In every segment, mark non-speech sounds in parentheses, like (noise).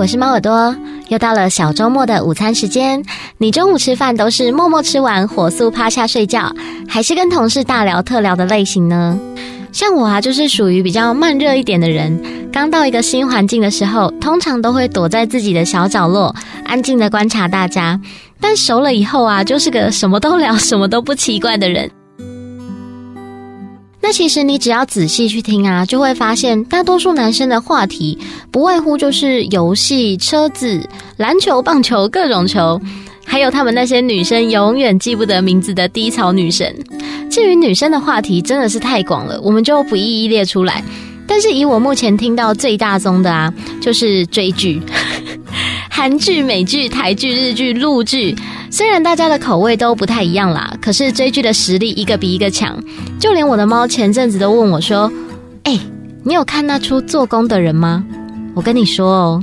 我是貓耳朵，又到了小周末的午餐時間。你中午吃飯都是默默吃完，火速趴下睡覺，還是跟同事大聊特聊的類型呢？像我啊，就是屬於比較慢熱一點的人，剛到一個新環境的時候，通常都會躲在自己的小角落，安靜的觀察大家。但熟了以後啊，就是個什麼都聊，什麼都不奇怪的人。那其實你只要仔細去聽啊，就會發現大多數男生的話題不外乎就是遊戲、車子、籃球、棒球、各種球，還有他們那些女生永遠記不得名字的低潮女神。至於女生的話題，真的是太廣了，我們就不一一列出來。但是以我目前聽到最大宗的啊，就是追劇， (laughs) 韓劇、美劇、台劇、日劇、陸劇。雖然大家的口味都不太一樣啦，可是追劇的實力一個比一個強。就連我的貓前陣子都問我說：“誒、欸、你有看那出做工的人嗎？”我跟你說哦，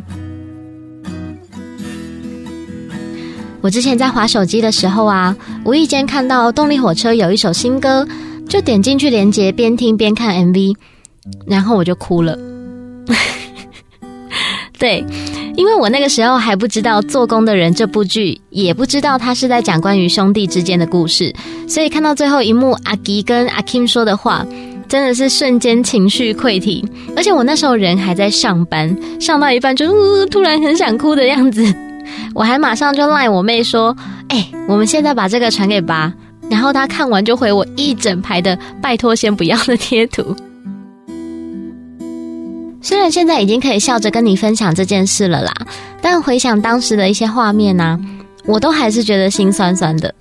我之前在滑手機的時候啊，無意間看到動力火車有一首新歌，就點進去連結邊聽邊看 MV，然後我就哭了。 (laughs) 對。因為我那個時候還不知道《做工的人》這部劇，也不知道他是在講關於兄弟之間的故事，所以看到最後一幕阿吉跟阿 Kim 說的話，真的是瞬間情緒潰堤。而且我那時候人還在上班，上到一半就突然很想哭的樣子，我還馬上就賴我妹說：“哎、欸，我們現在把這個傳給爸。”然後她看完就回我一整排的“拜託先不要”的貼圖。雖然現在已經可以笑着跟你分享這件事了啦，但回想當時的一些畫面呢、啊，我都還是覺得心酸酸的。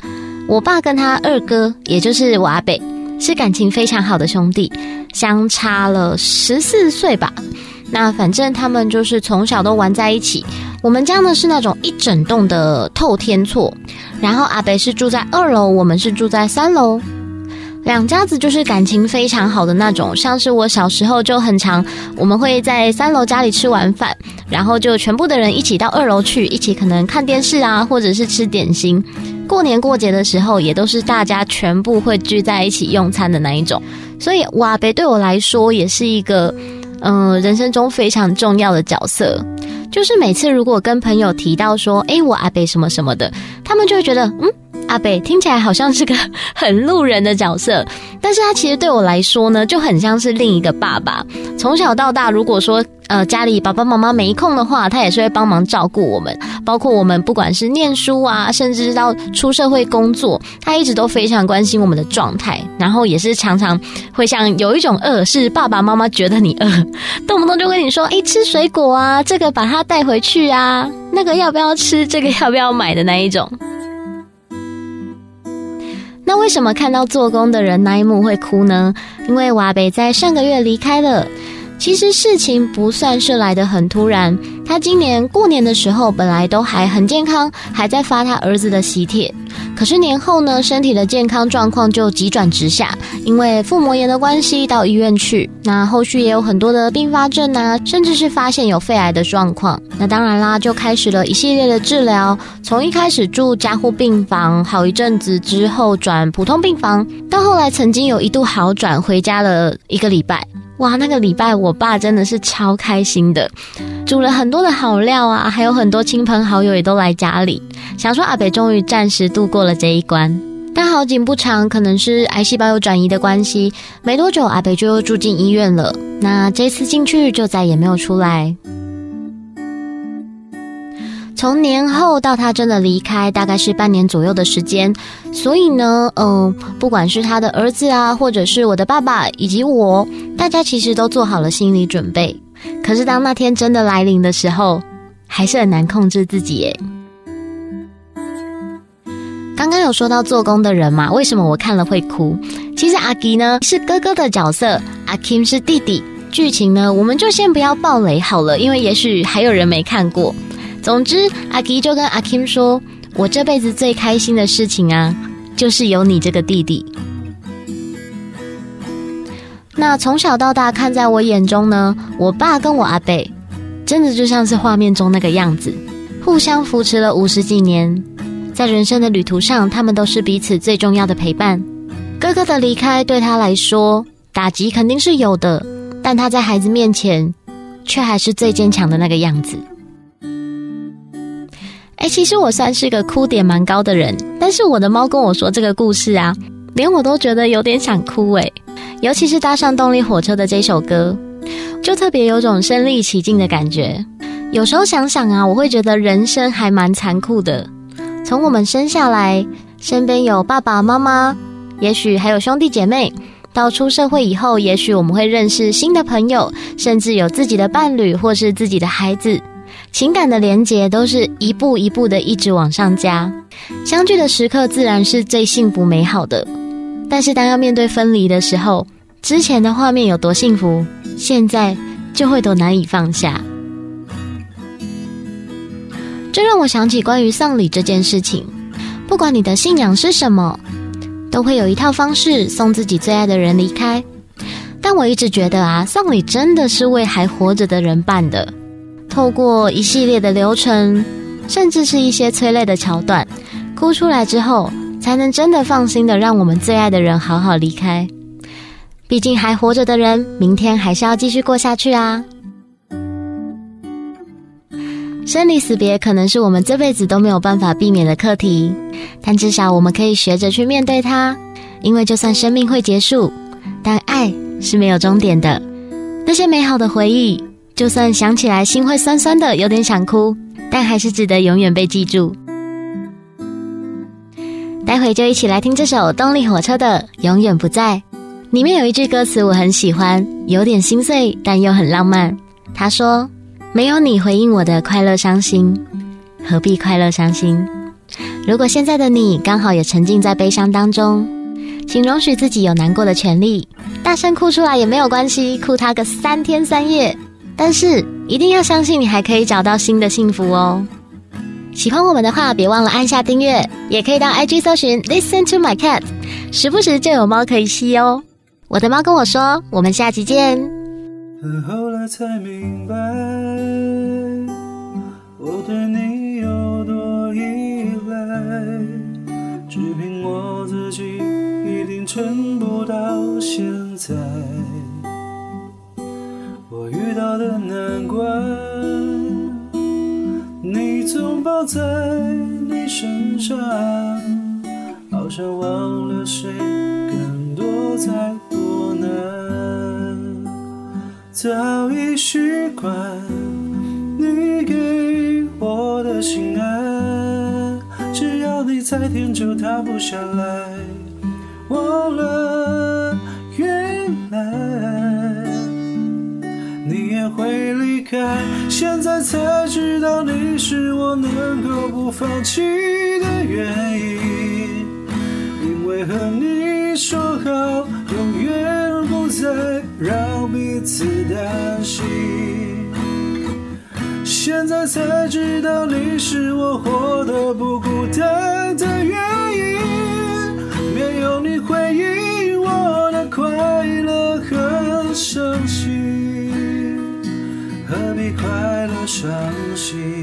我爸跟他二哥，也就是我阿北，是感情非常好的兄弟，相差了十四歲吧。那反正他們就是從小都玩在一起。我們家呢是那種一整棟的透天厝，然後阿北是住在二樓，我們是住在三樓。兩家子就是感情非常好的那種，像是我小時候就很常，我們會在三樓家裡吃完飯，然後就全部的人一起到二樓去，一起可能看電視啊，或者是吃點心。過年過節的時候，也都是大家全部會聚在一起用餐的那一種。所以我阿伯對我來說也是一個，嗯、呃，人生中非常重要的角色。就是每次如果跟朋友提到說，誒，我阿伯什麼什麼的，他們就會覺得，嗯。阿北聽起來好像是個很路人的角色，但是他其實對我來說呢，就很像是另一個爸爸。從小到大，如果說呃家裡爸爸媽媽沒空的話，他也是會幫忙照顧我們，包括我們不管是念書啊，甚至到出社會工作，他一直都非常關心我們的狀態，然後也是常常會像有一種餓、呃，是爸爸媽媽覺得你餓、呃，動不動就跟你說，誒，吃水果啊，這個把它帶回去啊，那個要不要吃，這個要不要買的那一種。那為什麼看到做工的人那一幕會哭呢？因為瓦北在上個月離開了。其實事情不算是來得很突然，他今年過年的時候本來都還很健康，還在發他兒子的喜帖。可是年後呢，身體的健康狀況就急轉直下，因為腹膜炎的關係到醫院去，那後續也有很多的併發症啊，甚至是發現有肺癌的狀況。那當然啦，就開始了一系列的治療，從一開始住加護病房，好一陣子之後轉普通病房，到後來曾經有一度好轉，回家了一個禮拜。哇，那個禮拜我爸真的是超開心的，煮了很多的好料啊，還有很多親朋好友也都來家裡，想說阿北終於暫時度過了這一關。但好景不長，可能是癌細胞有轉移的關係，沒多久阿北就又住進醫院了。那這次進去就再也沒有出來。從年後到他真的離開，大概是半年左右的時間。所以呢，嗯、呃，不管是他的兒子啊，或者是我的爸爸，以及我，大家其實都做好了心理準備。可是當那天真的來臨的時候，還是很難控制自己哎。剛剛有說到做工的人嘛，為什麼我看了會哭？其實阿吉呢是哥哥的角色，阿 Kim 是弟弟。劇情呢，我們就先不要暴雷好了，因為也許還有人沒看過。總之，阿吉就跟阿 Kim 說：“我這輩子最開心的事情啊，就是有你這個弟弟。那從小到大，看在我眼中呢，我爸跟我阿伯，真的就像是畫面中那個樣子，互相扶持了五十幾年，在人生的旅途上，他們都是彼此最重要的陪伴。哥哥的離開對他來說打擊肯定是有的，但他在孩子面前，卻還是最堅強的那個樣子。”欸，其實我算是個哭點蠻高的人，但是我的貓跟我說這個故事啊，連我都覺得有點想哭欸。尤其是搭上動力火車的這首歌，就特別有種身歷其境的感覺。有時候想想啊，我會覺得人生還蠻殘酷的。從我們生下來，身邊有爸爸媽媽，也許還有兄弟姐妹，到出社會以後，也許我們會認識新的朋友，甚至有自己的伴侶或是自己的孩子。情感的連結都是一步一步的，一直往上加。相聚的時刻自然是最幸福美好的，但是當要面對分離的時候，之前的畫面有多幸福，現在就會多難以放下。這讓我想起關於喪禮這件事情，不管你的信仰是什麼，都會有一套方式送自己最愛的人離開。但我一直覺得啊，喪禮真的是為還活着的人辦的。透過一系列的流程，甚至是一些催淚的橋段，哭出來之後，才能真的放心的讓我們最愛的人好好離開。畢竟還活着的人，明天還是要繼續過下去啊。生離死別可能是我們這輩子都沒有辦法避免的課題，但至少我們可以學着去面對它，因為就算生命會結束，但愛是沒有終點的。那些美好的回憶。就算想起來，心會酸酸的，有點想哭，但還是值得永遠被記住。待會就一起來聽這首動力火車的《永遠不在》，裡面有一句歌詞我很喜歡，有點心碎，但又很浪漫。他說：“沒有你回應我的快樂、傷心，何必快樂、傷心？”如果現在的你剛好也沉浸在悲傷當中，請容許自己有難過的權利，大聲哭出來也沒有關係，哭他個三天三夜。但是一定要相信，你還可以找到新的幸福哦！喜歡我們的話，別忘了按下訂閱，也可以到 IG 搜尋 Listen to my cat，時不時就有貓可以吸哦。我的貓跟我說，我們下集見。後來才明白，我對你有多依賴，只憑我自己你總抱在你身上，好像忘了誰更多才多難，早已習慣你給我的心安，只要你在天就塌不下來，忘了原來，你也會離。現在才知道，你是我能夠不放棄的原因，因為和你說好，永遠不再讓彼此擔心。現在才知道，你是我活得不孤單的原因，沒有你回應，我的快樂和傷心。傷心。